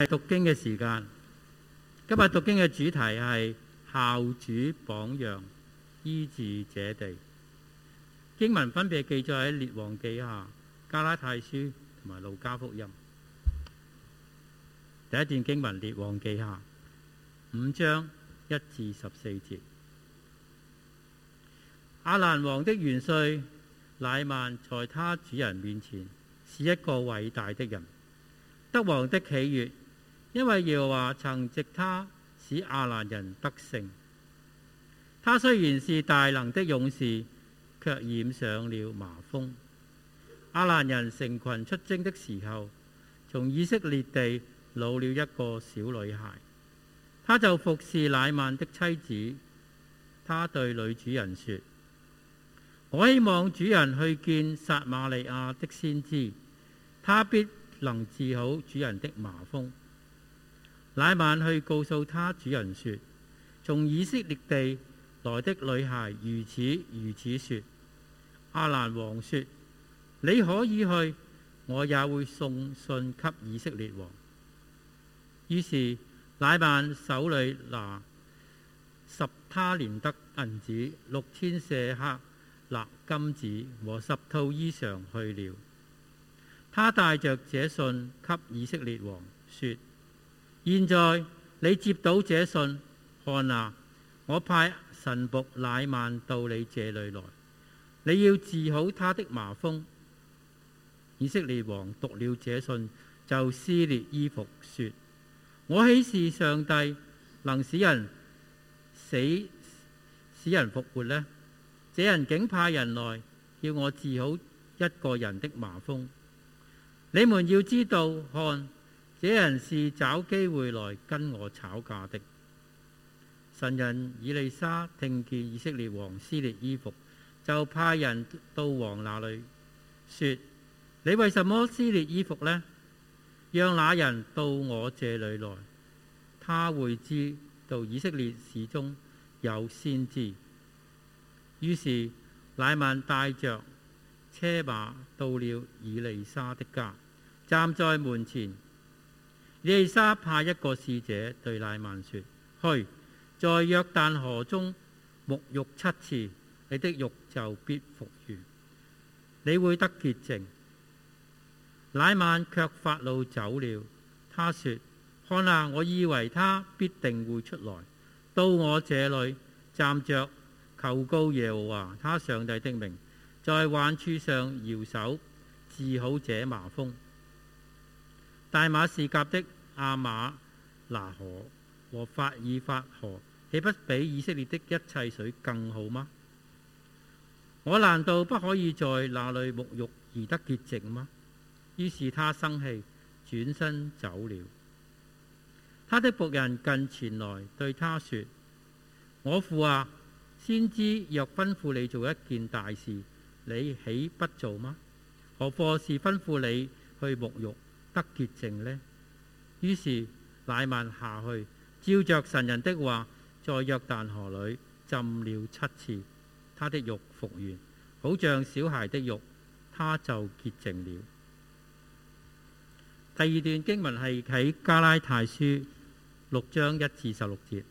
係讀經嘅時間，今日讀經嘅主題係孝主榜樣醫治者哋經文分別記載喺列王記下、加拉太書同埋路加福音。第一段經文列王記下五章一至十四節。亞蘭王的元帥乃曼在他主人面前是一個偉大的人，得王的喜悅。因為耶和華曾藉他使亞蘭人得勝。他雖然是大能的勇士，却染上了麻風。亞蘭人成群出征的時候，從以色列地擄了一個小女孩，他就服侍乃曼的妻子。他對女主人說：我希望主人去見撒馬利亞的先知，他必能治好主人的麻風。乃曼去告訴他主人說：從以色列地來的女孩如此如此說。亞蘭王說：你可以去，我也會送信給以色列王。於是乃曼手裏拿十他連得銀子、六千舍客勒金子和十套衣裳去了。他帶着這信給以色列王說。現在你接到這信，看啊！我派神僕乃曼到你這裏來，你要治好他的麻風。以色列王讀了這信，就撕裂衣服，說：我豈是上帝能使人死使人復活呢？這人竟派人來要我治好一個人的麻風。你們要知道看。這人是找機會來跟我吵架的。神人以利沙聽見以色列王撕裂衣服，就派人到王那裏，說：你為什麼撕裂衣服呢？讓那人到我這裏來，他會知道以色列始終有先知。於是乃曼帶著車馬到了以利沙的家，站在門前。耶利沙派一個使者對乃曼說：去，在約旦河中沐浴七次，你的肉就必復原，你會得潔淨。乃曼卻發怒走了。他說：看啊，我以為他必定會出來到我這裏站着求告耶和華他上帝的名，在患處上搖手治好這麻風。大馬士甲的阿瑪拿河和法爾法河，豈不比以色列的一切水更好嗎？我難道不可以在那裡沐浴而得潔淨嗎？於是他生氣，轉身走了。他的僕人近前來對他說：我父啊，先知若吩咐你做一件大事，你豈不做嗎？何況是吩咐你去沐浴？得潔淨呢？於是乃曼下去，照着神人的話，在約旦河裏浸了七次，他的肉復原，好像小孩的肉，他就潔淨了。第二段經文係喺加拉太書六章一至十六節，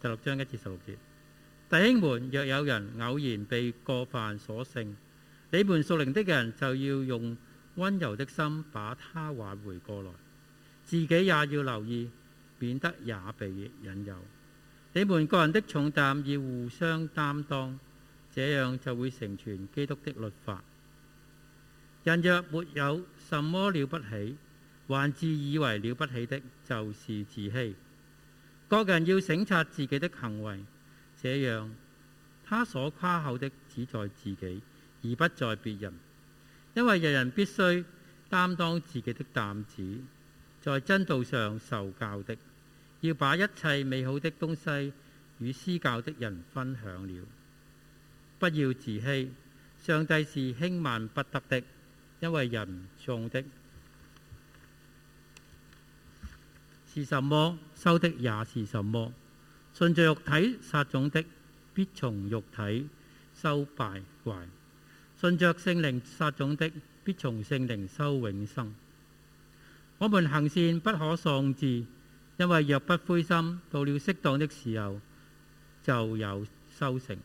第六章一至十六節，弟兄們，若有人偶然被過犯所勝，你們屬靈的人就要用溫柔的心把他挽回過來，自己也要留意，免得也被引誘。你們個人的重擔要互相擔當，這樣就會成全基督的律法。人若沒有什麼了不起，還自以為了不起的，就是自欺。各人要省察自己的行為，這樣他所誇口的只在自己，而不在別人。因為人人必須擔當自己的擔子，在真道上受教的，要把一切美好的東西與施教的人分享了。不要自欺，上帝是輕慢不得的，因為人種的是什麼，收的也是什麼。順著肉體撒種的，必從肉體收敗壞。信著聖靈殺種的，必從聖靈收永生。我們行善不可喪志，因為若不灰心，到了適當的時候就有收成。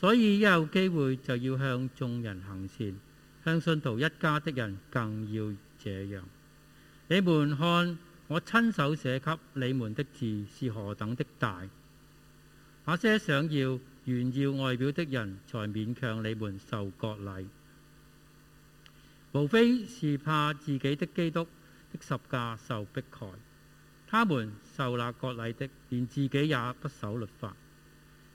所以一有機會就要向眾人行善，向信徒一家的人更要這樣。你們看，我親手寫給你們的字是何等的大，那、啊、些想要。炫耀外表的人才勉強你們受割禮，無非是怕自己的基督的十架受逼害。他們受那割禮的，連自己也不守律法。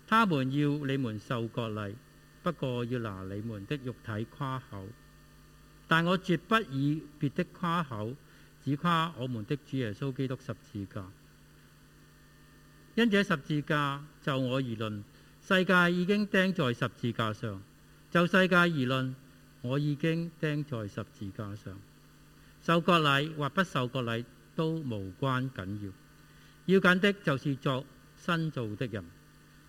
他們要你們受割禮，不過要拿你們的肉體誇口。但我絕不以別的誇口，只誇我們的主耶穌基督十字架。因這十字架，就我而論。世界已經釘在十字架上，就世界而論，我已經釘在十字架上。受割禮或不受割禮都無關緊要，要緊的就是作新造的人。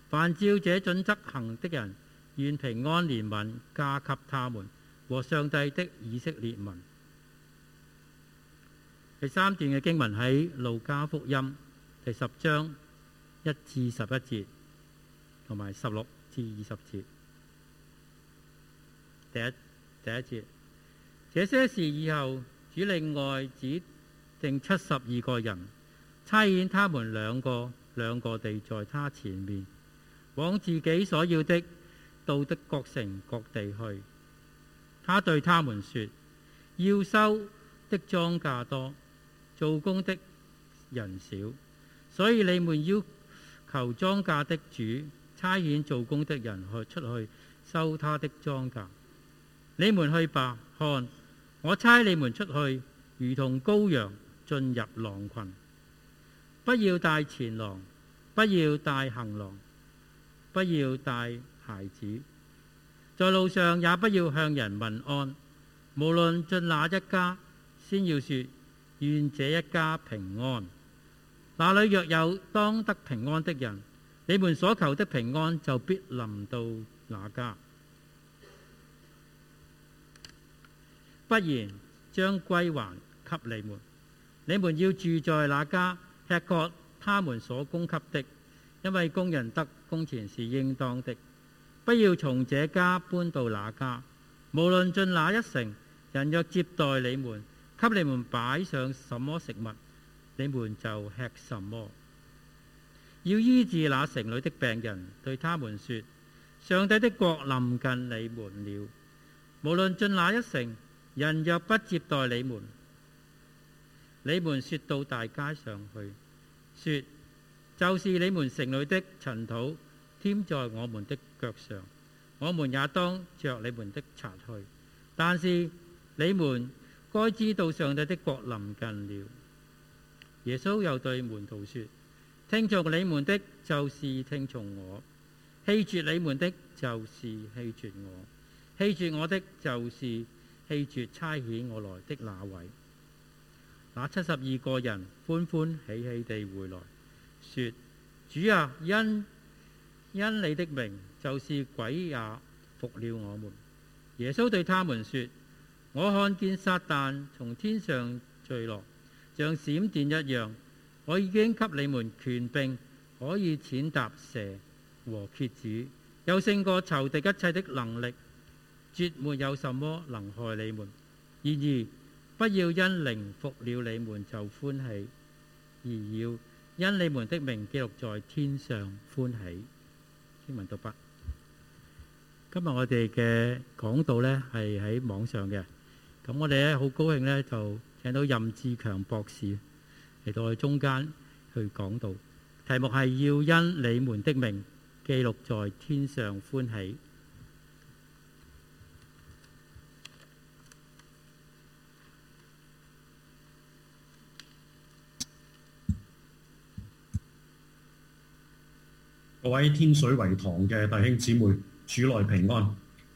凡照這準則行的人，願平安憐憫加給他們和上帝的以色列民。第三段嘅經文喺路加福音第十章一至十一節。同埋十六至二十節，第一，第一節，這些事以後，主另外指定七十二個人差遣他們兩個兩個地在他前面，往自己所要的到的各城各地去。他對他們說：要收的莊稼多，做工的人少，所以你們要求莊稼的主。差遣做工的人去出去收他的莊稼，你們去吧。看我差你們出去，如同羔羊進入狼群，不要帶前狼，不要帶行囊，不要帶孩子，在路上也不要向人問安。無論進哪一家，先要說願這一家平安。那裏若有當得平安的人，你們所求的平安就必臨到那家，不然將歸還給你們。你們要住在那家，吃喝他們所供給的，因為工人得工錢是應當的。不要從這家搬到那家，無論進哪一城，人若接待你們，給你們擺上什麼食物，你們就吃什麼。要醫治那城裏的病人，對他們說：上帝的國臨近你們了。無論進哪一城，人若不接待你們，你們說到大街上去，說：就是你們城裏的塵土，添在我們的腳上，我們也當着你們的擦去。但是你們該知道上帝的國臨近了。耶穌又對門徒說。聽從你們的，就是聽從我；棄絕你們的，就是棄絕我；棄絕我的，就是棄絕差遣我來的那位。那七十二個人歡歡喜喜地回來，說：主啊，因因你的名，就是鬼也服了我們。耶穌對他們說：我看見撒旦從天上墜落，像閃電一樣。我已經給你們權柄，可以踐踏蛇和蠍子，有勝過仇敵一切的能力。絕沒有什麼能害你們。然而，不要因靈服了你們就歡喜，而要因你們的名記錄在天上歡喜。經文讀畢。今日我哋嘅講道呢，係喺網上嘅，咁我哋咧好高興呢就請到任志強博士。嚟到去中間去講到題目係要因你們的名記錄在天上歡喜。各位天水圍堂嘅弟兄姊妹，主內平安，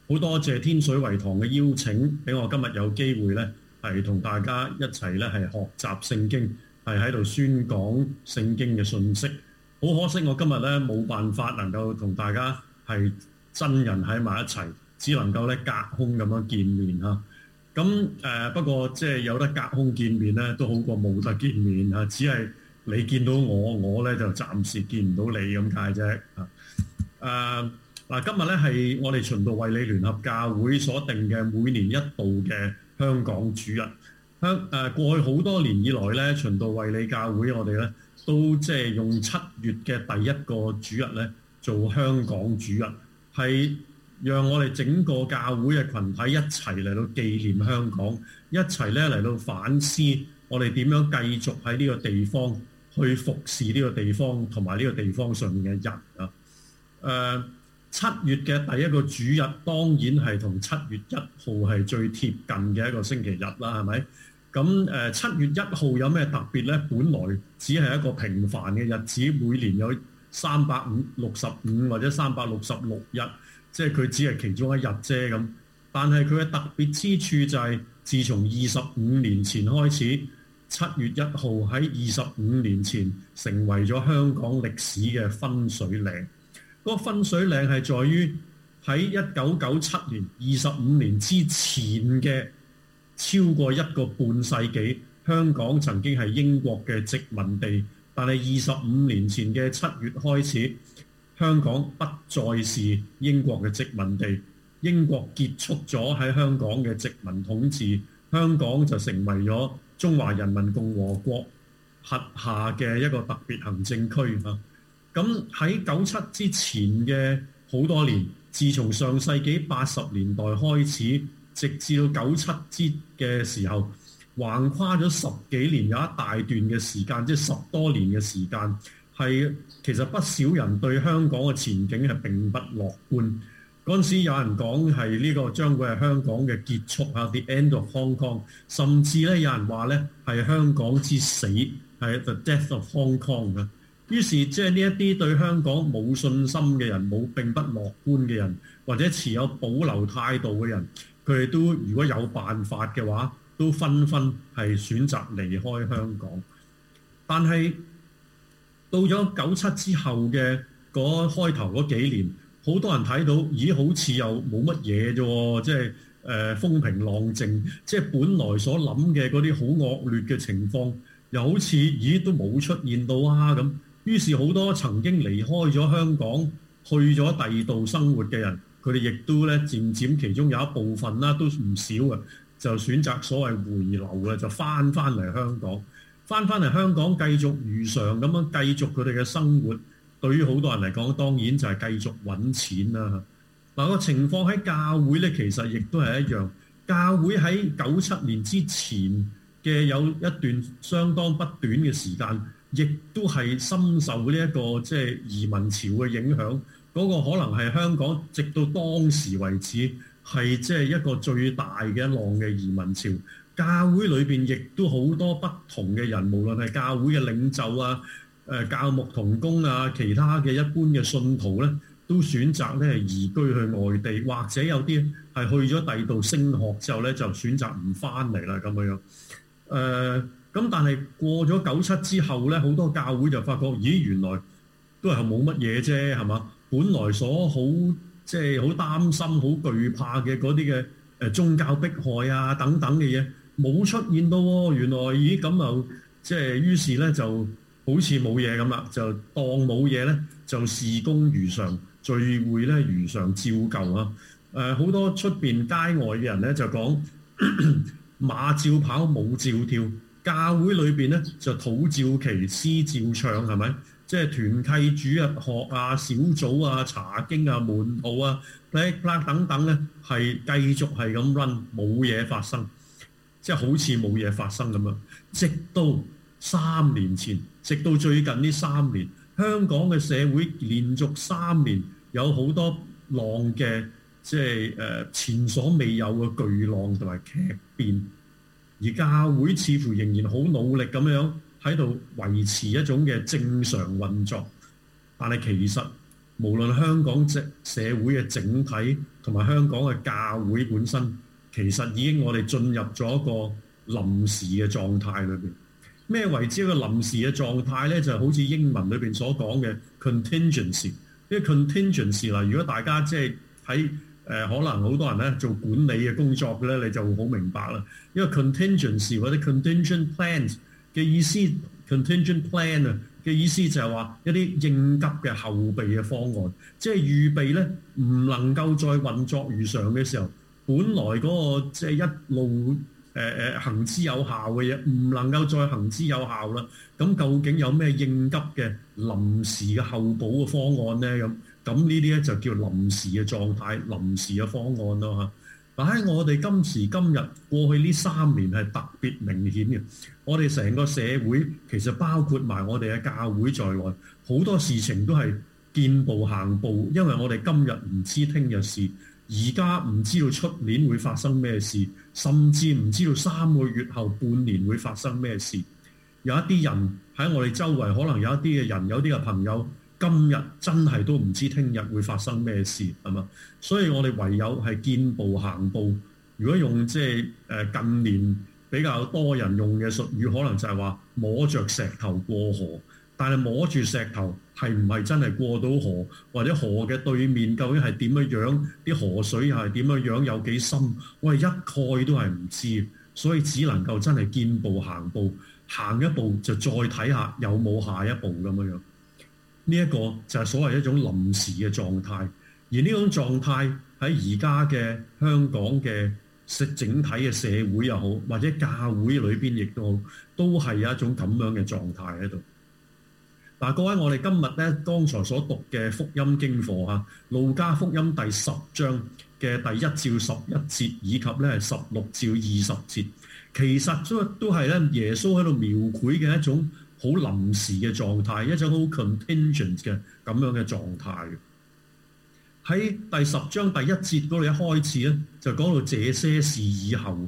好多謝天水圍堂嘅邀請，俾我今日有機會呢，係同大家一齊呢係學習聖經。係喺度宣講聖經嘅信息，好可惜我今日咧冇辦法能夠同大家係真人喺埋一齊，只能夠咧隔空咁樣見面吓。咁誒、呃，不過即係、就是、有得隔空見面咧，都好過冇得見面吓。只係你見到我，我咧就暫時見唔到你咁解啫。誒，嗱，今日咧係我哋循道衛理聯合教會所定嘅每年一度嘅香港主日。香誒，過去好多年以來咧，循道衞理教會我哋咧都即係用七月嘅第一個主日咧做香港主日，係讓我哋整個教會嘅群體一齊嚟到紀念香港，一齊咧嚟到反思我哋點樣繼續喺呢個地方去服侍呢個地方同埋呢個地方上面嘅人啊。誒，七月嘅第一個主日當然係同七月一號係最貼近嘅一個星期日啦，係咪？咁誒七月一號有咩特別呢？本來只係一個平凡嘅日子，每年有三百五六十五或者三百六十六日，即係佢只係其中一日啫咁。但係佢嘅特別之處就係，自從二十五年前開始，七月一號喺二十五年前成為咗香港歷史嘅分水嶺。嗰個分水嶺係在於喺一九九七年二十五年之前嘅。超過一個半世紀，香港曾經係英國嘅殖民地，但係二十五年前嘅七月開始，香港不再是英國嘅殖民地，英國結束咗喺香港嘅殖民統治，香港就成為咗中華人民共和國轄下嘅一個特別行政區啊！咁喺九七之前嘅好多年，自從上世紀八十年代開始。直至到九七節嘅時候，橫跨咗十幾年，有一大段嘅時間，即係十多年嘅時間，係其實不少人對香港嘅前景係並不樂觀。嗰陣時有人講係呢個將會係香港嘅結束啊，啲 End of Hong Kong，甚至咧有人話咧係香港之死係 The Death of Hong Kong 啊。於是即係呢一啲對香港冇信心嘅人、冇並不樂觀嘅人，或者持有保留態度嘅人。佢哋都如果有辦法嘅話，都紛紛係選擇離開香港。但係到咗九七之後嘅嗰開頭嗰幾年，好多人睇到，咦？好似又冇乜嘢啫，即係誒風平浪靜，即係本來所諗嘅嗰啲好惡劣嘅情況，又好似咦都冇出現到啊咁。於是好多曾經離開咗香港去咗第二度生活嘅人。佢哋亦都咧，漸漸其中有一部分啦，都唔少啊，就選擇所謂回流啊，就翻翻嚟香港，翻翻嚟香港繼續如常咁樣繼續佢哋嘅生活。對於好多人嚟講，當然就係繼續揾錢啦。嗱，個情況喺教會咧，其實亦都係一樣。教會喺九七年之前嘅有一段相當不短嘅時間，亦都係深受呢一個即係移民潮嘅影響。嗰、那個可能係香港，直到當時為止係即係一個最大嘅一浪嘅移民潮。教會裏面亦都好多不同嘅人，無論係教會嘅領袖啊、教牧同工啊，其他嘅一般嘅信徒咧，都選擇咧移居去外地，或者有啲係去咗第二度升學之後咧，就選擇唔翻嚟啦。咁樣樣咁，呃、但係過咗九七之後咧，好多教會就發覺，咦，原來都係冇乜嘢啫，係嘛？本來所好，即係好擔心、好懼怕嘅嗰啲嘅誒宗教迫害啊等等嘅嘢，冇出現到喎。原來咦，咁又即係於是咧，就好似冇嘢咁啦，就當冇嘢咧，就事功如常，聚會咧如常照舊啊。好、呃、多出面街外嘅人咧就講 馬照跑，舞照跳，教會裏面咧就土照騎，詩照唱，係咪？即係團契主日學啊、小組啊、查經啊、門徒啊、black black 等等咧，啊，係繼續係咁 run，冇嘢發生，即、就、係、是、好似冇嘢發生咁樣。直到三年前，直到最近呢三年，香港嘅社會連續三年有好多浪嘅，即、就、係、是、前所未有嘅巨浪同埋劇變，而教會似乎仍然好努力咁樣，喺度維持一種嘅正常運作，但係其實無論香港社社會嘅整體，同埋香港嘅教會本身，其實已經我哋進入咗一個臨時嘅狀態裏面。咩為之一個臨時嘅狀態咧？就是、好似英文裏面所講嘅 contingency。因為 contingency 如果大家即係喺可能好多人咧做管理嘅工作咧，你就好明白啦。因為 contingency 或者 contingent plans。嘅意思 contingent plan 啊，嘅意思就係話一啲應急嘅後備嘅方案，即係預備咧唔能夠再運作如常嘅時候，本來嗰個即係一路誒誒、呃、行之有效嘅嘢，唔能夠再行之有效啦。咁究竟有咩應急嘅臨時嘅後補嘅方案咧？咁咁呢啲咧就叫臨時嘅狀態、臨時嘅方案咯嚇。嗱喺我哋今時今日過去呢三年係特別明顯嘅，我哋成個社會其實包括埋我哋嘅教會在內，好多事情都係見步行步，因為我哋今日唔知聽日事，而家唔知道出年會發生咩事，甚至唔知道三個月後半年會發生咩事。有一啲人喺我哋周圍，可能有一啲嘅人，有啲嘅朋友。今日真係都唔知聽日會發生咩事係嘛，所以我哋唯有係見步行步。如果用即係、呃、近年比較多人用嘅術語，可能就係話摸着石頭過河，但係摸住石頭係唔係真係過到河，或者河嘅對面究竟係點樣樣，啲河水又係點樣樣，有幾深，我係一概都係唔知，所以只能夠真係見步行步，行一步就再睇下有冇下一步咁樣樣。呢、這、一個就係所謂一種臨時嘅狀態，而呢種狀態喺而家嘅香港嘅社整體嘅社會又好，或者教會裏邊亦都好，都係有一種咁樣嘅狀態喺度。嗱，各位，我哋今日咧，剛才所讀嘅福音經課啊，《路加福音》第十章嘅第一至十一節，以及咧十六至二十節，其實都都係咧耶穌喺度描繪嘅一種。好臨時嘅狀態，一種好 contingent 嘅咁樣嘅狀態。喺第十章第一節嗰度一開始咧，就講到這些事以後。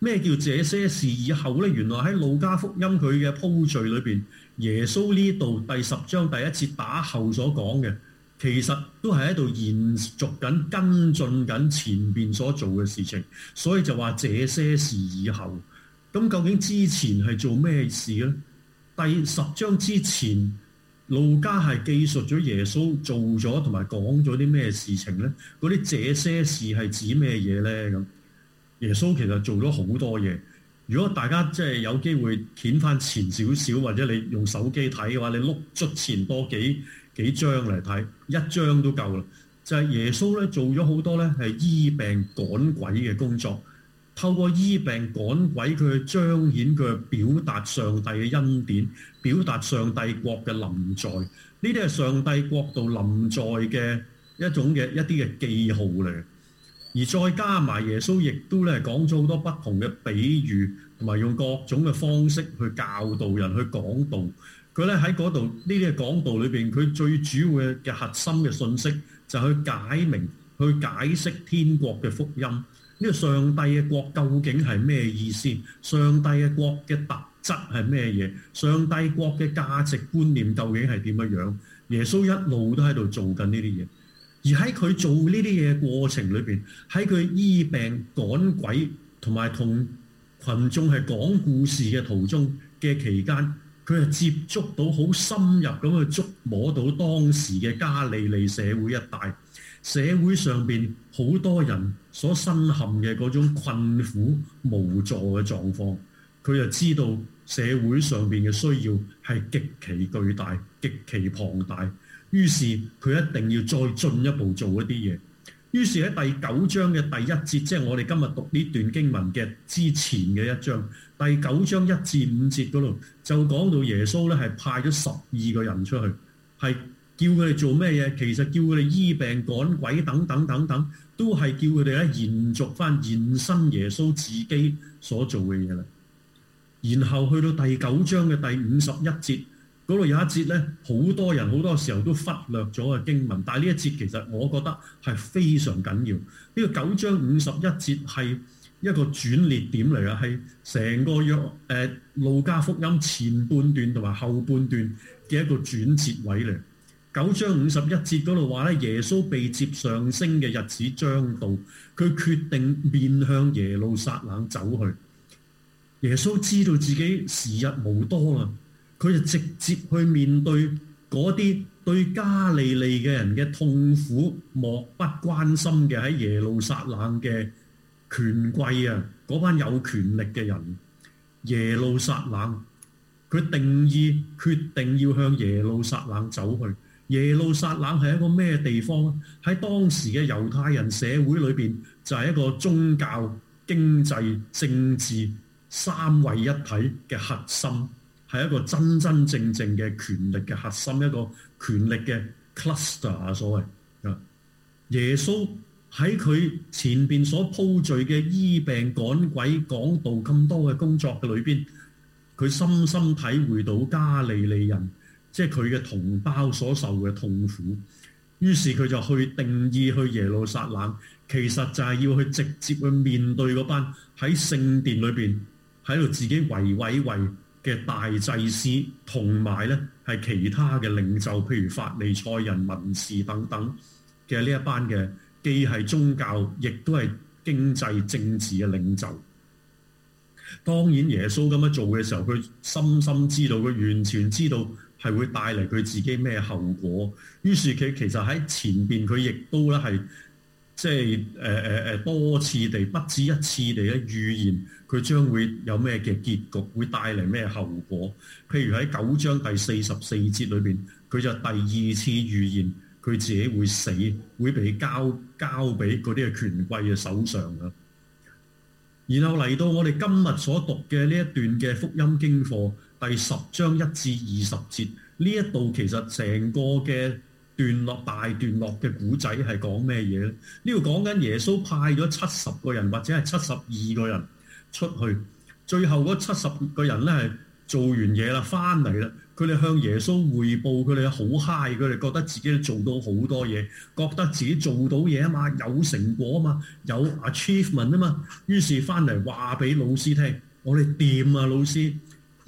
咩叫這些事以後咧？原來喺《路加福音》佢嘅鋪敍裏邊，耶穌呢度第十章第一節打後所講嘅，其實都係喺度延續緊、跟進緊前邊所做嘅事情，所以就話這些事以後咁，究竟之前係做咩事咧？第十章之前，路加係記述咗耶穌做咗同埋講咗啲咩事情呢？嗰啲這些事係指咩嘢呢？咁耶穌其實做咗好多嘢。如果大家即係有機會掀翻前少少，或者你用手機睇嘅話，你碌出前多幾幾張嚟睇，一張都夠啦。就係、是、耶穌咧做咗好多咧，係醫病趕鬼嘅工作。透過醫病趕鬼，佢去彰顯佢表達上帝嘅恩典，表達上帝國嘅臨在。呢啲係上帝國度臨在嘅一種嘅一啲嘅記號嚟嘅。而再加埋耶穌，亦都咧講咗好多不同嘅比喻，同埋用各種嘅方式去教導人去講道。佢咧喺嗰度呢啲嘅講道裏邊，佢最主要嘅核心嘅信息就係去解明、去解釋天國嘅福音。呢、這個上帝嘅國究竟係咩意思？上帝嘅國嘅特質係咩嘢？上帝國嘅價值觀念究竟係點樣樣？耶穌一路都喺度做緊呢啲嘢，而喺佢做呢啲嘢過程裏邊，喺佢醫病趕鬼同埋同群眾係講故事嘅途中嘅期間，佢係接觸到好深入咁去觸摸到當時嘅加利利社會一帶。社會上面好多人所身陷嘅嗰種困苦無助嘅狀況，佢就知道社會上面嘅需要係極其巨大、極其龐大，於是佢一定要再進一步做一啲嘢。於是喺第九章嘅第一節，即係我哋今日讀呢段經文嘅之前嘅一章，第九章一至五節嗰度就講到耶穌咧係派咗十二個人出去，係。叫佢哋做咩嘢？其實叫佢哋醫病趕鬼，等等等等，都係叫佢哋咧延續翻延伸耶穌自己所做嘅嘢啦。然後去到第九章嘅第五十一節嗰度有一節咧，好多人好多時候都忽略咗嘅經文。但係呢一節其實我覺得係非常緊要呢、這個九章五十一節係一個轉捩點嚟啊，係成個約誒路加福音前半段同埋後半段嘅一個轉折位嚟。九章五十一節嗰度話咧，耶穌被接上升嘅日子將到，佢決定面向耶路撒冷走去。耶穌知道自己時日無多啦，佢就直接去面對嗰啲對加利利嘅人嘅痛苦漠不關心嘅喺耶路撒冷嘅權貴啊，嗰班有權力嘅人，耶路撒冷，佢定意決定要向耶路撒冷走去。耶路撒冷係一個咩地方？喺當時嘅猶太人社會裏邊，就係一個宗教、經濟、政治三位一體嘅核心，係一個真真正正嘅權力嘅核心，一個權力嘅 cluster 所謂。耶穌喺佢前邊所鋪敘嘅醫病、趕鬼、講道咁多嘅工作裏邊，佢深深體會到加利利人。即係佢嘅同胞所受嘅痛苦，於是佢就去定意去耶路撒冷，其實就係要去直接去面對嗰班喺聖殿裏面、喺度自己維偉位嘅大祭司，同埋咧係其他嘅領袖，譬如法利賽人、文士等等嘅呢一班嘅，既係宗教，亦都係經濟、政治嘅領袖。當然，耶穌咁樣做嘅時候，佢深深知道，佢完全知道。係會帶嚟佢自己咩後果？於是佢其實喺前邊佢亦都咧係即係誒誒誒多次地不止一次地咧預言佢將會有咩嘅結局，會帶嚟咩後果？譬如喺九章第四十四節裏邊，佢就第二次預言佢自己會死，會被交交俾嗰啲嘅權貴嘅手上噶。然後嚟到我哋今日所讀嘅呢一段嘅福音經課。第十章一至二十節呢一度，這裏其實成個嘅段落、大段落嘅古仔係講咩嘢咧？呢度講緊耶穌派咗七十個人或者係七十二個人出去，最後嗰七十個人咧係做完嘢啦，翻嚟啦。佢哋向耶穌匯報，佢哋好嗨，佢哋覺得自己做到好多嘢，覺得自己做到嘢啊嘛，有成果啊嘛，有 achievement 啊嘛。於是，翻嚟話俾老師聽，我哋掂啊，老師。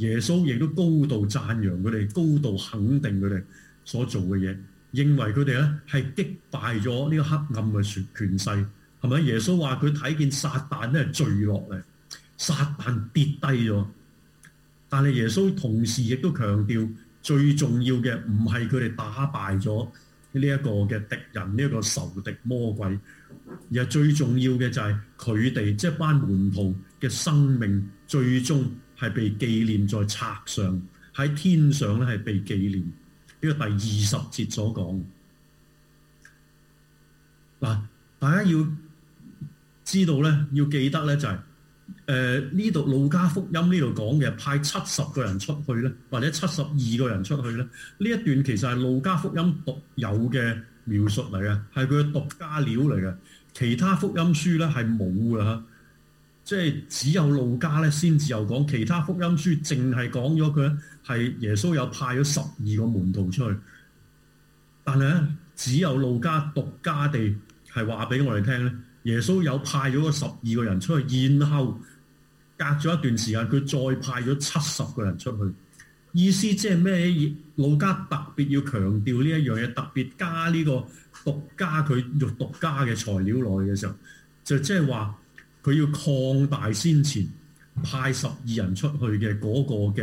耶穌亦都高度讚揚佢哋，高度肯定佢哋所做嘅嘢，認為佢哋咧係擊敗咗呢個黑暗嘅權勢，係咪？耶穌話佢睇見撒旦咧係墜落嚟，撒旦跌低咗。但係耶穌同時亦都強調，最重要嘅唔係佢哋打敗咗呢一個嘅敵人，呢、呢、一個仇敵魔鬼。而係最重要嘅就係佢哋即係班門徒嘅生命最終係被紀念在冊上，喺天上咧係被紀念，呢、這個第二十節所講。嗱，大家要知道咧，要記得咧就係、是，呢、呃、度路加福音呢度講嘅派七十個人出去咧，或者七十二個人出去咧，呢一段其實係路加福音獨有嘅描述嚟嘅，係佢嘅獨家料嚟嘅，其他福音書咧係冇嘅即係只有路加咧，先至有講，其他福音書，淨係講咗佢咧，係耶穌有派咗十二個門徒出去，但係咧只有路加獨家地係話俾我哋聽咧，耶穌有派咗個十二個人出去，然後隔咗一段時間，佢再派咗七十個人出去，意思即係咩？路加特別要強調呢一樣嘢，特別加呢個獨家，佢用獨家嘅材料來嘅時候，就即係話。佢要擴大先前派十二人出去嘅嗰個嘅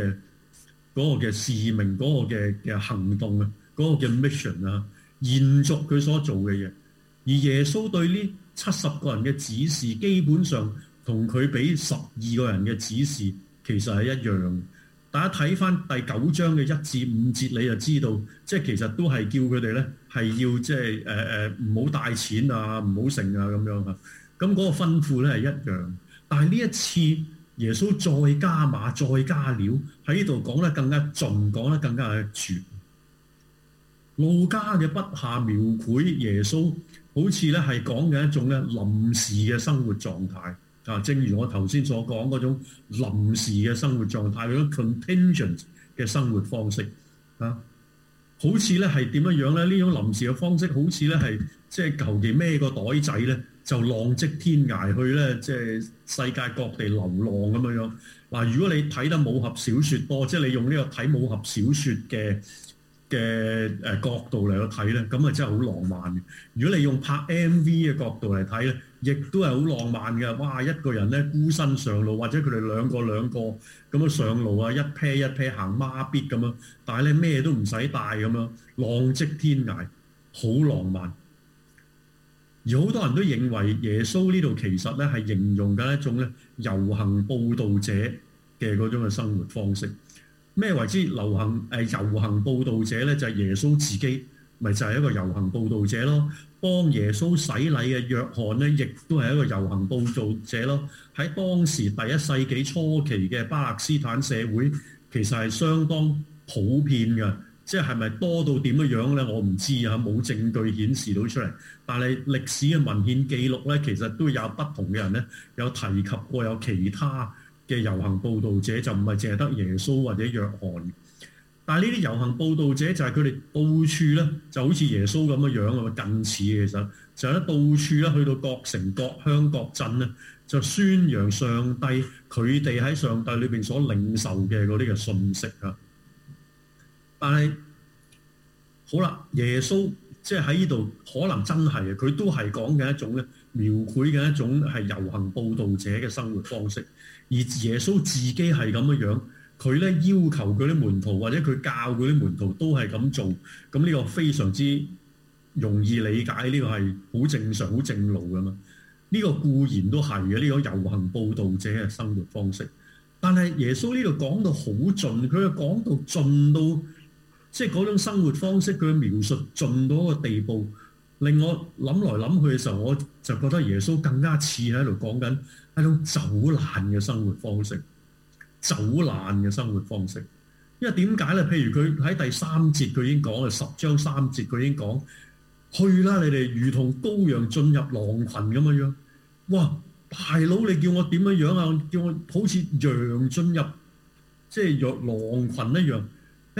嗰個嘅使命嗰個嘅嘅行動啊，嗰個嘅 mission 啊，延續佢所做嘅嘢。而耶穌對呢七十個人嘅指示，基本上同佢俾十二個人嘅指示其實係一樣。大家睇返第九章嘅一至五節，你就知道，即係其實都係叫佢哋咧係要即係誒誒唔好帶錢啊，唔好剩啊咁樣啊。咁、那、嗰個吩咐咧係一樣，但係呢一次耶穌再加碼、再加料喺呢度講得更加盡，講得更加絕。路加嘅筆下描繪耶穌，好似咧係講嘅一種咧臨時嘅生活狀態啊，正如我頭先所講嗰種臨時嘅生活狀態，嗰種 contingent 嘅生活方式啊，好似咧係點樣樣咧？呢種臨時嘅方式，好似咧係即係求其孭個袋仔咧。就浪跡天涯去咧，即係世界各地流浪咁樣樣。嗱，如果你睇得武俠小説多，即係你用呢個睇武俠小説嘅嘅誒角度嚟去睇咧，咁啊真係好浪漫嘅。如果你用拍 MV 嘅角度嚟睇咧，亦都係好浪漫嘅。哇，一個人咧孤身上路，或者佢哋兩個兩個咁樣上路啊，一 pair 一 pair 行孖咇咁樣，但係咧咩都唔使帶咁樣，浪跡天涯，好浪漫。而好多人都認為耶穌呢度其實咧係形容緊一種咧遊行報道者嘅嗰種嘅生活方式。咩為之遊行、呃、遊行報道者咧？就係、是、耶穌自己，咪就係、是、一個遊行報道者咯。幫耶穌洗禮嘅約翰咧，亦都係一個遊行報道者咯。喺當時第一世紀初期嘅巴勒斯坦社會，其實係相當普遍嘅。即係咪多到點樣咧？我唔知呀，冇證據顯示到出嚟。但係歷史嘅文獻記錄咧，其實都有不同嘅人咧，有提及過有其他嘅遊行報導者，就唔係淨係得耶穌或者約翰。但係呢啲遊行報導者就係佢哋到處咧，就好似耶穌咁嘅樣啊，近似嘅其實就喺到處咧，去到各城各鄉各鎮咧，就宣揚上帝佢哋喺上帝裏面所領受嘅嗰啲嘅信息啊。但係好啦，耶穌即係喺呢度可能真係啊！佢都係講嘅一種咧，描繪嘅一種係遊行布道者嘅生活方式。而耶穌自己係咁樣，樣，佢咧要求佢啲門徒，或者佢教佢啲門徒都係咁做。咁呢個非常之容易理解，呢、這個係好正常、好正路噶嘛。呢、這個固然都係嘅，呢、這個遊行布道者嘅生活方式。但係耶穌呢度講到好盡，佢又講到盡到。即係嗰種生活方式，佢嘅描述盡到一個地步，令我諗來諗去嘅時候，我就覺得耶穌更加似喺度講緊一種走難嘅生活方式，走難嘅生活方式。因為點解咧？譬如佢喺第三節，佢已經講十章三節，佢已經講：去啦，你哋如同羔羊進入狼群咁樣。哇！大佬，你叫我點樣樣啊？叫我好似羊進入即係狼群一樣。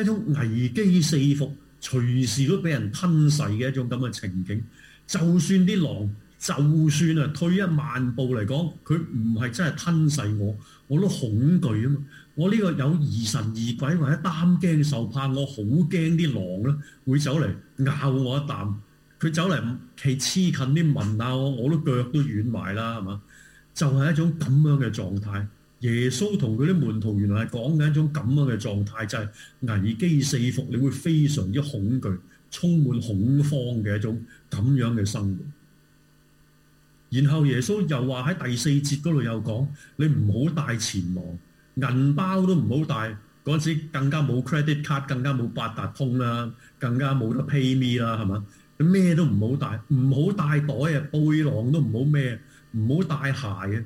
一種危機四伏，隨時都俾人吞噬嘅一種咁嘅情景。就算啲狼，就算啊退一萬步嚟講，佢唔係真係吞噬我，我都恐懼啊！嘛，我呢個有疑神疑鬼或者擔驚受怕，我好驚啲狼咧，會走嚟咬我一啖，佢走嚟企黐近啲聞下我，我都腳都軟埋啦，係嘛？就係一種咁樣嘅狀態。耶穌同佢啲門徒原來係講緊一種咁樣嘅狀態，就係、是、危機四伏，你會非常之恐懼，充滿恐慌嘅一種咁樣嘅生活。然後耶穌又話喺第四節嗰度又講，你唔好帶錢囊，銀包都唔好帶。嗰陣時更加冇 credit card，更加冇八達通啦，更加冇得 pay me 啦，係嘛？你咩都唔好帶，唔好帶袋啊，背囊都唔好孭，唔好帶鞋啊。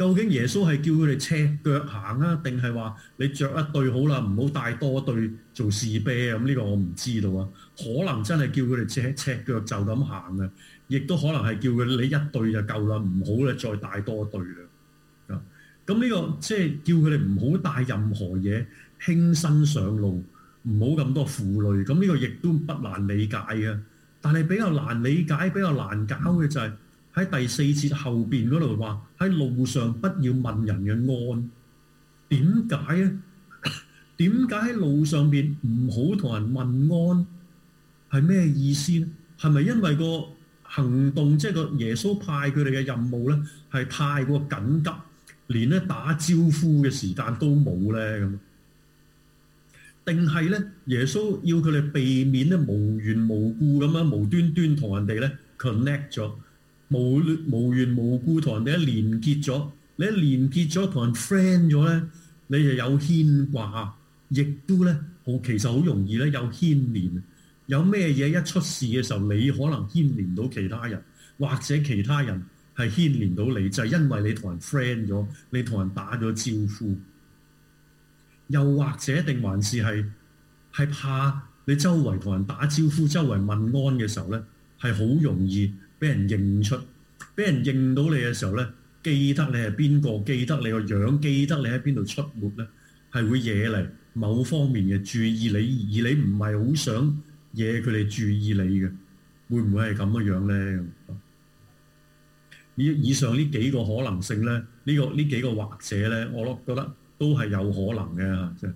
究竟耶穌係叫佢哋赤腳行啊，定係話你着一對好啦，唔好帶多一對做士啤啊？咁呢個我唔知道啊，可能真係叫佢哋赤赤腳就咁行啊，亦都可能係叫佢你一對就夠啦，唔好咧再帶多一對啦。啊，咁呢個即係叫佢哋唔好帶任何嘢，輕身上路，唔好咁多負累。咁呢個亦都不難理解啊，但係比較難理解、比較難搞嘅就係。喺第四節後邊嗰度話，喺路上不要問人嘅安。點解咧？點解喺路上邊唔好同人問安？係咩意思？係咪因為個行動，即係個耶穌派佢哋嘅任務咧，係太過緊急，連咧打招呼嘅時間都冇咧咁？定係咧耶穌要佢哋避免咧無緣無故咁樣無端端同人哋咧 connect 咗？無無緣無故同人哋一連結咗，你一連結咗同人 friend 咗咧，你就有牽掛，亦都咧好其實好容易咧有牽連。有咩嘢一出事嘅時候，你可能牽連到其他人，或者其他人係牽連到你，就係因為你同人 friend 咗，你同人打咗招呼，又或者定還是係係怕你周圍同人打招呼，周圍問安嘅時候咧，係好容易。俾人認出，俾人認到你嘅時候咧，記得你係邊個，記得你個樣，記得你喺邊度出沒咧，係會惹嚟某方面嘅注意你，而你唔係好想惹佢哋注意你嘅，會唔會係咁嘅樣咧？以以上呢幾個可能性咧，呢個呢幾個或者咧，我覺得都係有可能嘅，即係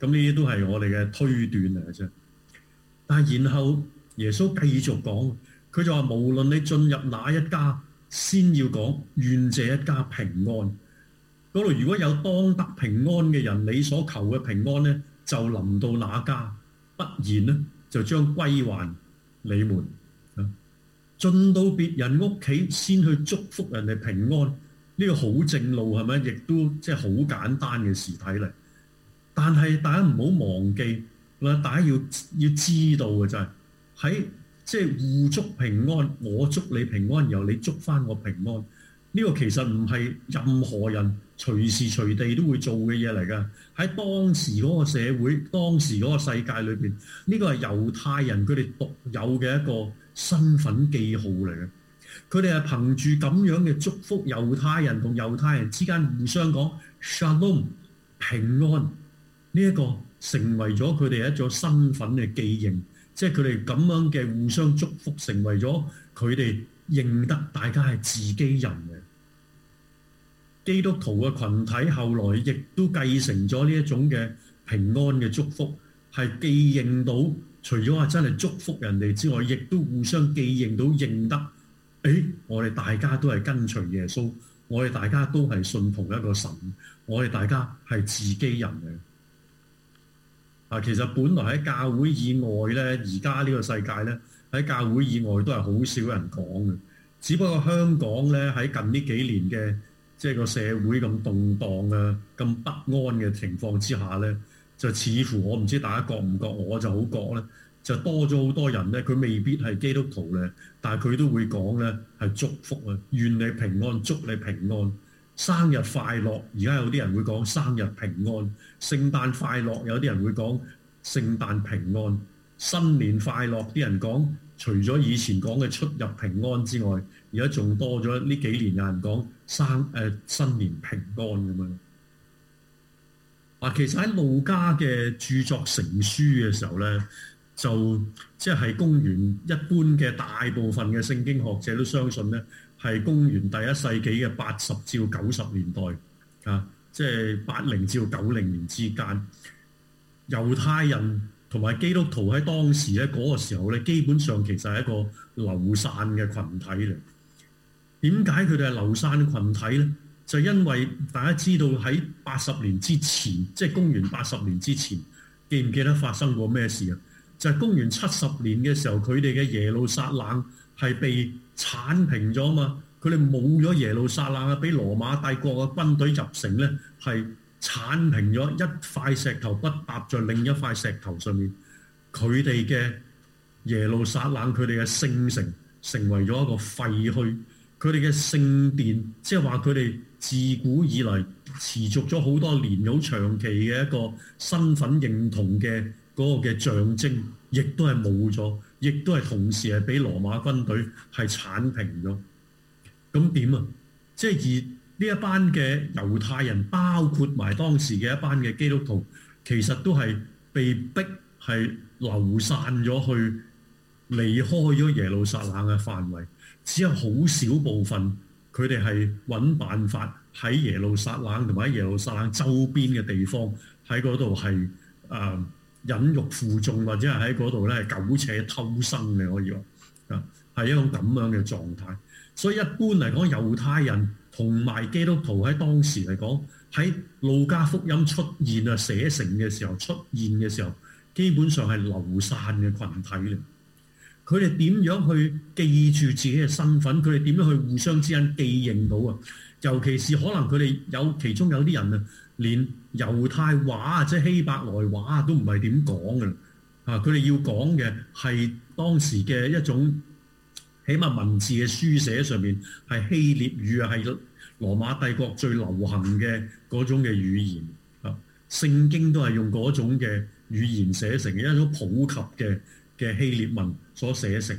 咁呢啲都係我哋嘅推斷嚟嘅啫。但係然後耶穌繼續講。佢就話：無論你進入哪一家，先要講願這一家平安。嗰度如果有當得平安嘅人，你所求嘅平安咧，就臨到那家；不然咧，就將歸還你們。進到別人屋企先去祝福人哋平安，呢個好正路係咪？亦都即係好簡單嘅事體嚟。但係大家唔好忘記啦，大家要要知道嘅就係喺。即係互祝平安，我祝你平安，然後你祝翻我平安。呢個其實唔係任何人隨時隨地都會做嘅嘢嚟㗎。喺當時嗰個社會、當時嗰個世界裏邊，呢個係猶太人佢哋獨有嘅一個身份記號嚟嘅。佢哋係憑住咁樣嘅祝福，猶太人同猶太人之間互相講 shalom 平安，呢一個成為咗佢哋一種身份嘅記認。即係佢哋咁樣嘅互相祝福，成為咗佢哋認得大家係自己人嘅基督徒嘅群體。後來亦都繼承咗呢一種嘅平安嘅祝福，係記認到除咗話真係祝福人哋之外，亦都互相記認到認得誒、哎，我哋大家都係跟隨耶穌，我哋大家都係信同一個神，我哋大家係自己人嘅。啊，其實本來喺教會以外咧，而家呢個世界咧，喺教會以外都係好少人講嘅。只不過香港咧，喺近呢幾年嘅即係個社會咁動盪啊、咁不安嘅情況之下咧，就似乎我唔知大家覺唔覺，我就好覺咧，就多咗好多人咧，佢未必係基督徒咧，但係佢都會講咧，係祝福啊、願你平安、祝你平安、生日快樂。而家有啲人會講生日平安。聖誕快樂，有啲人會講聖誕平安，新年快樂。啲人講除咗以前講嘅出入平安之外，而家仲多咗呢幾年有人講生誒新年平安咁樣啊，其實喺路加嘅著作成書嘅時候咧，就即係公元一般嘅大部分嘅聖經學者都相信咧，係公元第一世紀嘅八十至九十年代啊。即係八零至到九零年之間，猶太人同埋基督徒喺當時咧嗰個時候咧，基本上其實係一個流散嘅群體嚟。點解佢哋係流散嘅群體咧？就因為大家知道喺八十年之前，即係公元八十年之前，記唔記得發生過咩事啊？就係公元七十年嘅時候，佢哋嘅耶路撒冷係被剷平咗啊嘛。佢哋冇咗耶路撒冷啊！俾羅馬帝國嘅軍隊入城咧，係鏟平咗一塊石頭，不搭在另一塊石頭上面。佢哋嘅耶路撒冷，佢哋嘅聖城，成為咗一個廢墟。佢哋嘅聖殿，即係話佢哋自古以嚟持續咗好多年、好長期嘅一個身份認同嘅嗰個嘅象徵，亦都係冇咗，亦都係同時係俾羅馬軍隊係鏟平咗。咁點啊？即係而呢一班嘅猶太人，包括埋當時嘅一班嘅基督徒，其實都係被逼係流散咗去，離開咗耶路撒冷嘅範圍。只有好少部分佢哋係揾辦法喺耶路撒冷同埋喺耶路撒冷周邊嘅地方，喺嗰度係誒忍辱負重，或者係喺嗰度咧係苟且偷生嘅，可以話啊，係一種咁樣嘅狀態。所以一般嚟講，猶太人同埋基督徒喺當時嚟講，喺路加福音出現啊寫成嘅時候出現嘅時候，基本上係流散嘅群體咧。佢哋點樣去記住自己嘅身份？佢哋點樣去互相之間記認到啊？尤其是可能佢哋有其中有啲人啊，連猶太話啊，即係希伯來話都唔係點講㗎啦。啊，佢哋要講嘅係當時嘅一種。起碼文字嘅書寫上面係希臘語啊，係羅馬帝國最流行嘅嗰種嘅語言啊，《聖經》都係用嗰種嘅語言寫成嘅，一種普及嘅嘅希臘文所寫成。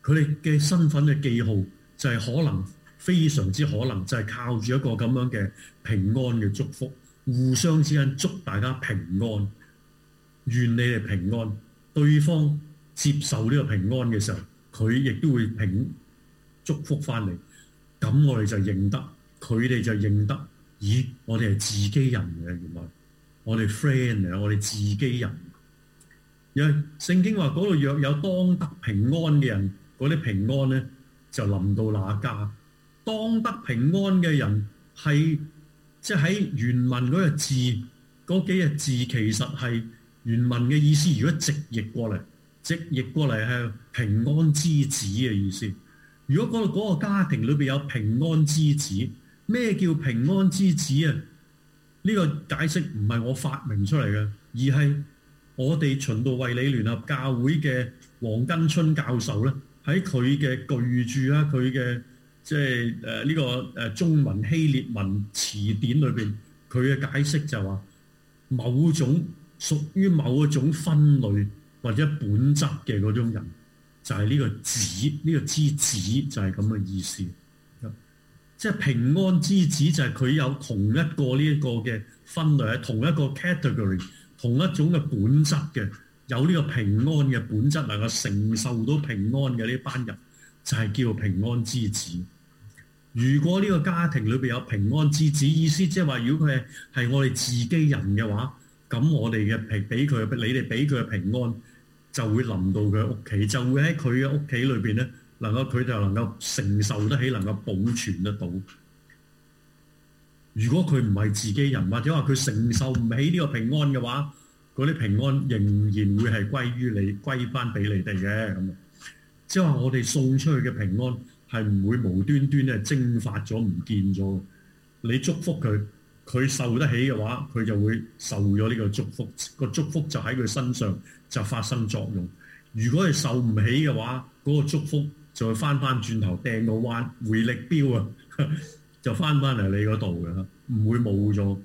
佢哋嘅身份嘅記號就係可能非常之可能，可能就係靠住一個咁樣嘅平安嘅祝福，互相之間祝大家平安，願你哋平安，對方接受呢個平安嘅時候。佢亦都會平祝福翻嚟，咁我哋就認得，佢哋就認得，咦，我哋係自己人嘅。原來我哋 friend 嚟，我哋自己人。因為聖經話嗰度，若有當得平安嘅人，嗰啲平安咧就臨到那家。當得平安嘅人係即係喺原文嗰個字嗰幾隻字，其實係原文嘅意思。如果直譯過嚟。直譯過嚟係平安之子嘅意思。如果嗰個家庭裏邊有平安之子，咩叫平安之子啊？呢個解釋唔係我發明出嚟嘅，而係我哋循道衞理聯合教會嘅黃根春教授咧，喺佢嘅巨著啊，佢嘅即係誒呢個誒中文希臘文詞典裏邊，佢嘅解釋就話某種屬於某一種分類。或者本質嘅嗰種人，就係呢個子，呢個之子就係咁嘅意思。即係平安之子就係佢有同一個呢一個嘅分類喺同一個 category，同一種嘅本質嘅，有呢個平安嘅本質能夠承受到平安嘅呢班人，就係叫平安之子。如果呢個家庭裏面有平安之子，意思即係話，如果佢係我哋自己人嘅話，咁我哋嘅平俾佢，你哋俾佢嘅平安，就會臨到佢屋企，就會喺佢嘅屋企裏邊咧，能夠佢就能夠承受得起，能夠保存得到。如果佢唔係自己人，或者話佢承受唔起呢個平安嘅話，嗰啲平安仍然會係歸於你，歸翻俾你哋嘅咁。即係話我哋送出去嘅平安係唔會無端端咧蒸發咗唔見咗。你祝福佢，佢受得起嘅話，佢就會受咗呢個祝福。個祝福就喺佢身上。就發生作用。如果佢受唔起嘅話，嗰個祝福就會翻翻轉頭掟個彎，回力鏢啊，就翻翻嚟你嗰度嘅啦，唔會冇咗。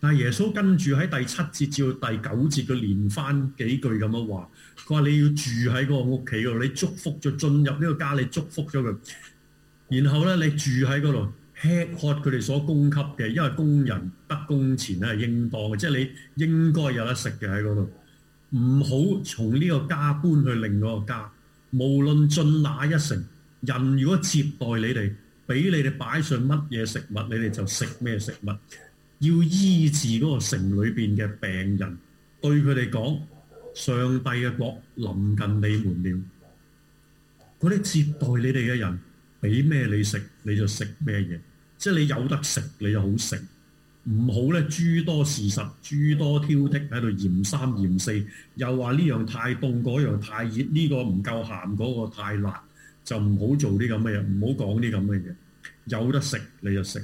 但係耶穌跟住喺第七節至到第九節佢連翻幾句咁樣話，佢話你要住喺個屋企度，你祝福就進入呢個家，你祝福咗佢，然後咧你住喺嗰度。吃喝佢哋所供給嘅，因為工人得工錢咧，係應當嘅，即係你應該有得食嘅喺嗰度。唔好從呢個家搬去另一個家。無論進哪一城，人如果接待你哋，俾你哋擺上乜嘢食物，你哋就食咩食物。要醫治嗰個城裏邊嘅病人，對佢哋講：上帝嘅國臨近你們了。嗰啲接待你哋嘅人，俾咩你食，你就食咩嘢。即係你有得食，你就好食。唔好咧諸多事實，諸多挑剔喺度嫌三嫌四，又話呢樣太凍，嗰樣太熱，呢個唔夠鹹，嗰個太辣，就唔好做啲咁嘅嘢，唔好講啲咁嘅嘢。有得食你就食。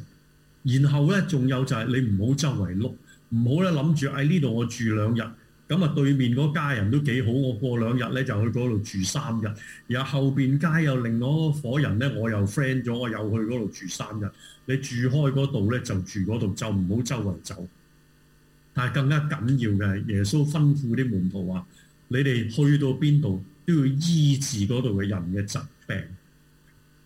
然後咧，仲有就係你唔好周圍碌，唔好咧諗住喺呢度我住兩日。咁啊，對面嗰家人都幾好，我過兩日咧就去嗰度住三日。然後後邊街有另外一伙人咧，我又 friend 咗，我又去嗰度住三日。你住開嗰度咧就住嗰度，就唔好周圍走。但係更加緊要嘅係，耶穌吩咐啲門徒話：你哋去到邊度都要醫治嗰度嘅人嘅疾病。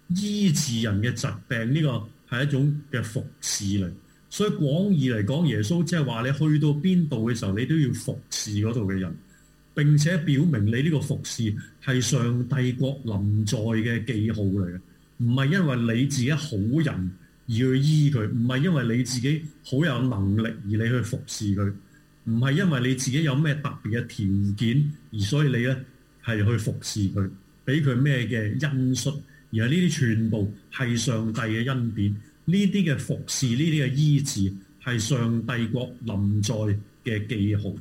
醫治人嘅疾病呢、這個係一種嘅服侍嚟。所以廣義嚟講，耶穌即係話你去到邊度嘅時候，你都要服侍嗰度嘅人，並且表明你呢個服侍係上帝國臨在嘅記號嚟嘅，唔係因為你自己好人而去醫佢，唔係因為你自己好有能力而你去服侍佢，唔係因為你自己有咩特別嘅條件而所以你咧係去服侍佢，俾佢咩嘅恩恤，而係呢啲全部係上帝嘅恩典。呢啲嘅服侍，呢啲嘅醫治，係上帝國臨在嘅記號。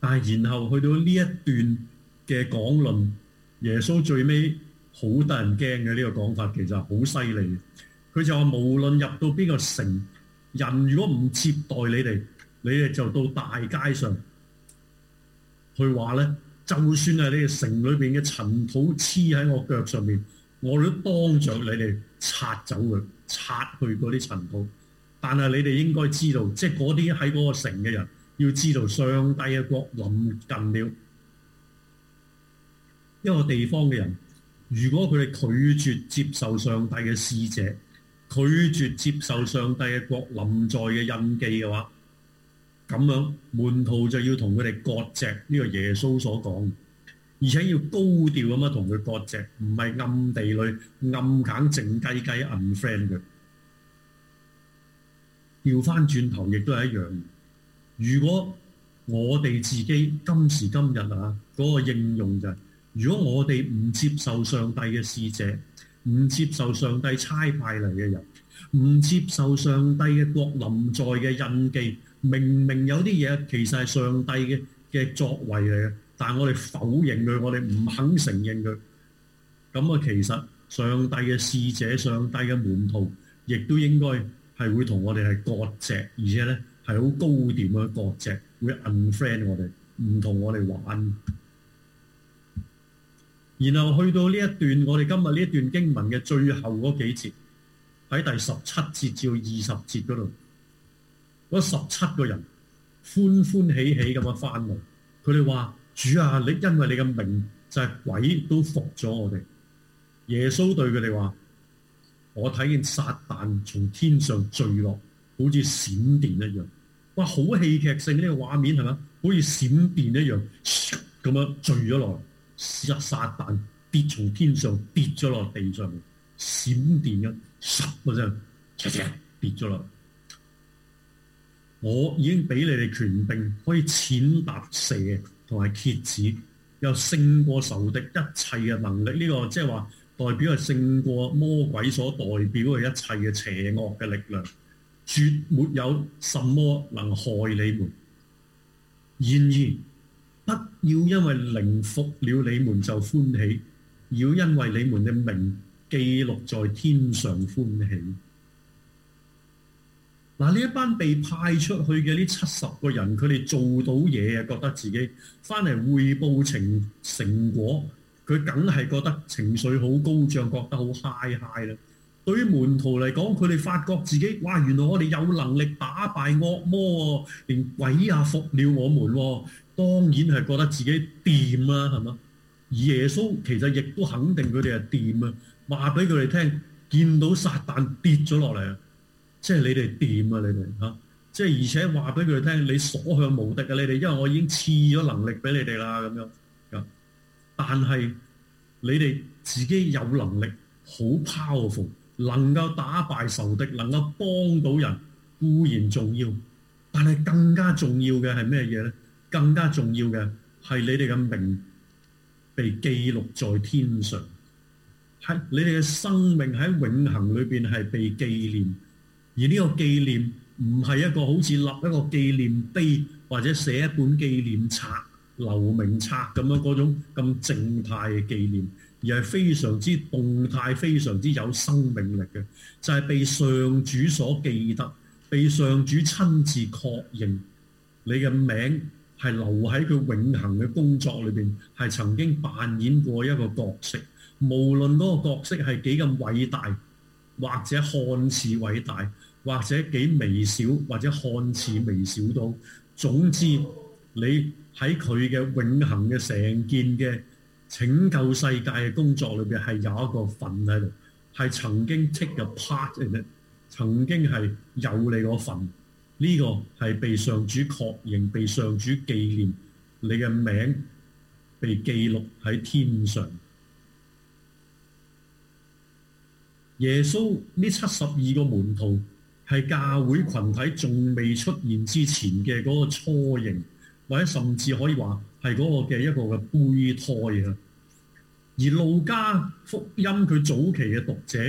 但係然後去到呢一段嘅講論，耶穌最尾好得人驚嘅呢個講法，其實好犀利嘅。佢就話無論入到邊個城，人如果唔接待你哋，你哋就到大街上去話咧，就算係你哋城裏邊嘅塵土黐喺我腳上面。我都幫着你哋拆走佢，拆去嗰啲塵土。但係你哋應該知道，即係嗰啲喺嗰個城嘅人，要知道上帝嘅國臨近了。一個地方嘅人，如果佢哋拒絕接受上帝嘅使者，拒絕接受上帝嘅國臨在嘅印記嘅話，咁樣門徒就要同佢哋割蓆呢，這個耶穌所講。而且要高調咁樣同佢割蓆，唔係暗地裏暗梗靜雞雞 unfriend friend 佢，調翻轉頭亦都係一樣。如果我哋自己今時今日啊，嗰、那個應用就係、是，如果我哋唔接受上帝嘅使者，唔接受上帝差派嚟嘅人，唔接受上帝嘅國臨在嘅印記，明明有啲嘢其實係上帝嘅嘅作為嚟嘅。但係我哋否認佢，我哋唔肯承認佢。咁啊，其實上帝嘅使者、上帝嘅門徒，亦都應該係會同我哋係割席，而且咧係好高調嘅割席，會 unfriend 我哋，唔同我哋玩。然後去到呢一段，我哋今日呢一段經文嘅最後嗰幾節，喺第十七節至二十節嗰度，嗰十七個人歡歡喜喜咁樣翻嚟，佢哋話。主啊，你因為你嘅名，就係、是、鬼都服咗我哋。耶穌對佢哋話：，我睇見撒但從天上墜落，好似閃電一樣。哇，好戲劇性呢、這個畫面係咪？好似閃電一樣，咁樣墜咗落嚟。一撒但跌從天上跌咗落,落地上面，閃電一，我就，跌咗落嚟。我已經俾你哋權柄，可以踐踏蛇同埋蠍子，又勝過仇敵一切嘅能力，呢、這個即係話代表係勝過魔鬼所代表嘅一切嘅邪惡嘅力量，絕沒有什麼能害你們。然而，不要因為靈服了你們就歡喜，要因為你們嘅名記錄在天上歡喜。嗱，呢一班被派出去嘅呢七十個人，佢哋做到嘢啊，覺得自己翻嚟匯報成成果，佢梗係覺得情緒好高漲，覺得好嗨嗨啦。對於門徒嚟講，佢哋發覺自己哇，原來我哋有能力打敗惡魔喎，連鬼也、啊、服了我們喎，當然係覺得自己掂啦、啊，係嘛？耶穌其實亦都肯定佢哋係掂啊，話俾佢哋聽，見到撒旦跌咗落嚟啊！即係你哋掂啊！你哋吓，即、啊、係，而且話俾佢哋聽，你所向無敵嘅你哋，因為我已經賜咗能力俾你哋啦，咁樣。但係你哋自己有能力好 powerful，能夠打敗仇敵，能夠幫到人固然重要，但係更加重要嘅係咩嘢咧？更加重要嘅係你哋嘅名被記錄在天上，喺你哋嘅生命喺永恆裏邊係被紀念。而呢個紀念唔係一個好似立一個紀念碑或者寫一本紀念冊留名冊咁樣嗰種咁靜態嘅紀念，而係非常之動態、非常之有生命力嘅，就係、是、被上主所記得，被上主親自確認你嘅名係留喺佢永恆嘅工作裏面，係曾經扮演過一個角色，無論嗰個角色係幾咁偉大或者看似偉大。或者幾微小，或者看似微小到，總之你喺佢嘅永恆嘅成件嘅拯救世界嘅工作裏面，係有一個份喺度，係曾經 take a part 嘅，曾經係有你嗰份，呢個係被上主確認、被上主紀念你嘅名，被記錄喺天上。耶穌呢七十二個門徒。係教會群體仲未出現之前嘅嗰個雛形，或者甚至可以話係嗰個嘅一個嘅胚胎啊。而路加福音佢早期嘅讀者，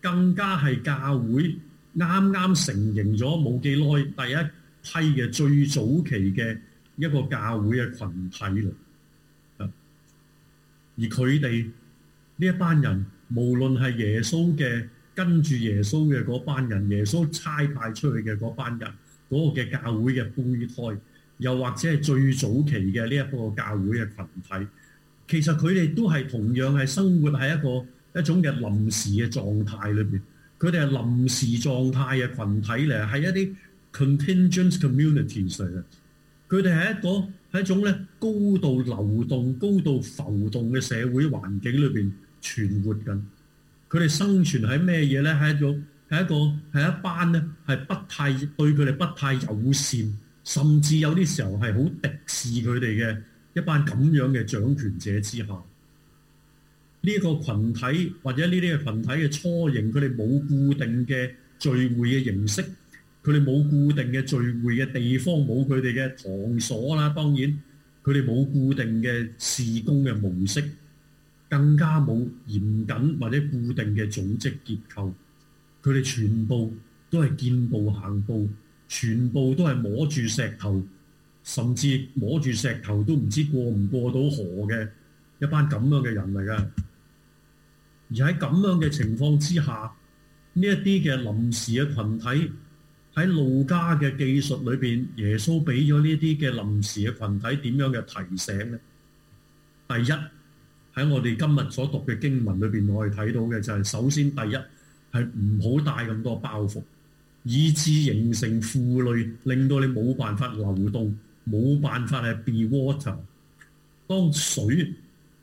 更加係教會啱啱成形咗冇幾耐第一批嘅最早期嘅一個教會嘅群體啦。而佢哋呢一班人，無論係耶穌嘅。跟住耶穌嘅嗰班人，耶穌差派出去嘅嗰班人，嗰個嘅教會嘅胚胎，又或者係最早期嘅呢一個教會嘅群體，其實佢哋都係同樣係生活喺一個一種嘅臨時嘅狀態裏面。佢哋係臨時狀態嘅群體嚟，係一啲 contingent communities 嚟嘅。佢哋係一個係一種咧高度流動、高度浮動嘅社會環境裏面存活緊。佢哋生存喺咩嘢咧？係一種係一個係一,一班咧，係不太對佢哋不太友善，甚至有啲時候係好敵視佢哋嘅一班咁樣嘅掌權者之下，呢、這、一個群體或者呢啲嘅羣體嘅雛形，佢哋冇固定嘅聚會嘅形式，佢哋冇固定嘅聚會嘅地方，冇佢哋嘅堂所啦。當然，佢哋冇固定嘅事工嘅模式。更加冇嚴謹或者固定嘅組織結構，佢哋全部都係見步行步，全部都係摸住石頭，甚至摸住石頭都唔知過唔過到河嘅一班咁樣嘅人嚟噶。而喺咁樣嘅情況之下，呢一啲嘅臨時嘅群體喺路加嘅記述裏面，耶穌俾咗呢啲嘅臨時嘅群體點樣嘅提醒咧？第一。喺我哋今日所讀嘅經文裏邊，我哋睇到嘅就係，首先第一係唔好帶咁多包袱，以致形成負累，令到你冇辦法流動，冇辦法係 be water。當水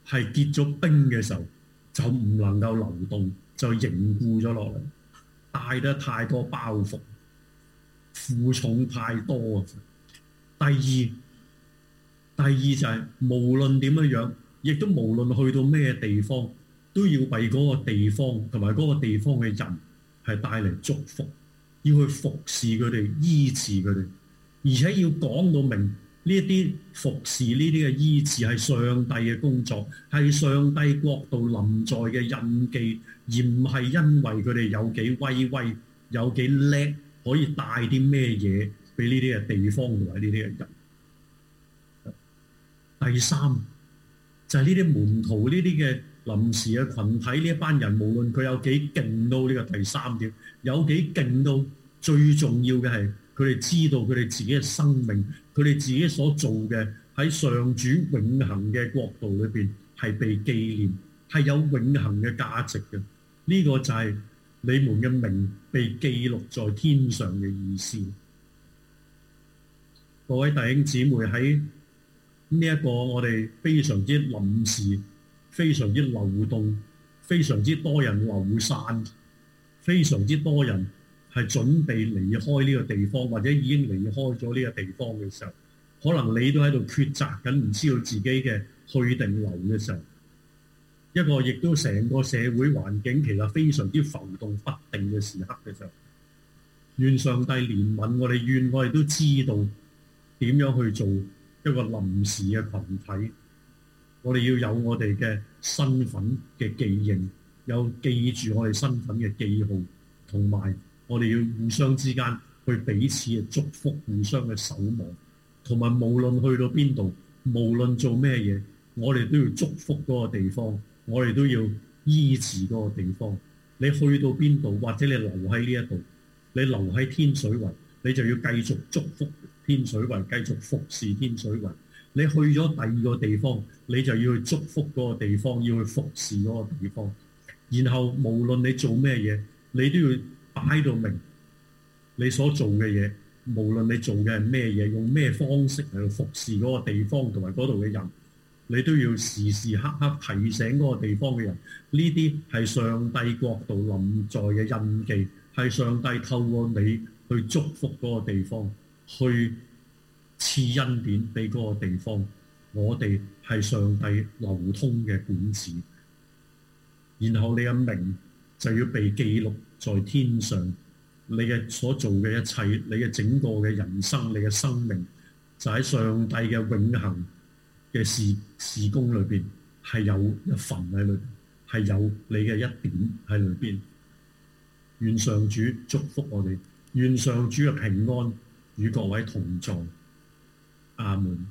係結咗冰嘅時候，就唔能夠流動，就凝固咗落嚟。帶得太多包袱，負重太多。第二，第二就係、是、無論點樣樣。亦都無論去到咩地方，都要為嗰個地方同埋嗰個地方嘅人係帶嚟祝福，要去服侍佢哋、醫治佢哋，而且要講到明呢一啲服侍、呢啲嘅醫治係上帝嘅工作，係上帝國度臨在嘅印記，而唔係因為佢哋有幾威威、有幾叻，可以帶啲咩嘢俾呢啲嘅地方同埋呢啲嘅人。第三。就係呢啲門徒呢啲嘅臨時嘅羣體呢一班人，無論佢有幾勁到呢個第三點，有幾勁到，最重要嘅係佢哋知道佢哋自己嘅生命，佢哋自己所做嘅喺上主永恆嘅國度裏邊係被紀念，係有永恆嘅價值嘅。呢個就係你們嘅名被記錄在天上嘅意思。各位弟兄姊妹喺～呢、這、一個我哋非常之臨時、非常之流動、非常之多人流散、非常之多人係準備離開呢個地方，或者已經離開咗呢個地方嘅時候，可能你都喺度抉擇緊，唔知道自己嘅去定留嘅時候，一個亦都成個社會環境其實非常之浮動不定嘅時刻嘅時候，願上帝憐憫我哋，願我哋都知道點樣去做。一個臨時嘅群體，我哋要有我哋嘅身份嘅記認，有記住我哋身份嘅記號，同埋我哋要互相之間去彼此嘅祝福，互相嘅守望，同埋無論去到邊度，無論做咩嘢，我哋都要祝福嗰個地方，我哋都要醫治嗰個地方。你去到邊度，或者你留喺呢一度，你留喺天水圍。你就要繼續祝福天水圍，繼續服侍天水圍。你去咗第二個地方，你就要去祝福嗰個地方，要去服侍嗰個地方。然後無論你做咩嘢，你都要擺到明你所做嘅嘢。無論你做嘅係咩嘢，用咩方式嚟服侍嗰個地方同埋嗰度嘅人，你都要時時刻刻提醒嗰個地方嘅人，呢啲係上帝國度臨在嘅印記，係上帝透過你。去祝福嗰個地方，去賜恩典俾嗰個地方。我哋係上帝流通嘅管子，然後你嘅名就要被記錄在天上。你嘅所做嘅一切，你嘅整個嘅人生，你嘅生命，就喺上帝嘅永恆嘅事事工裏邊，係有一份喺裏邊，係有你嘅一點喺裏邊。願上主祝福我哋。願上主嘅平安與各位同在，阿門。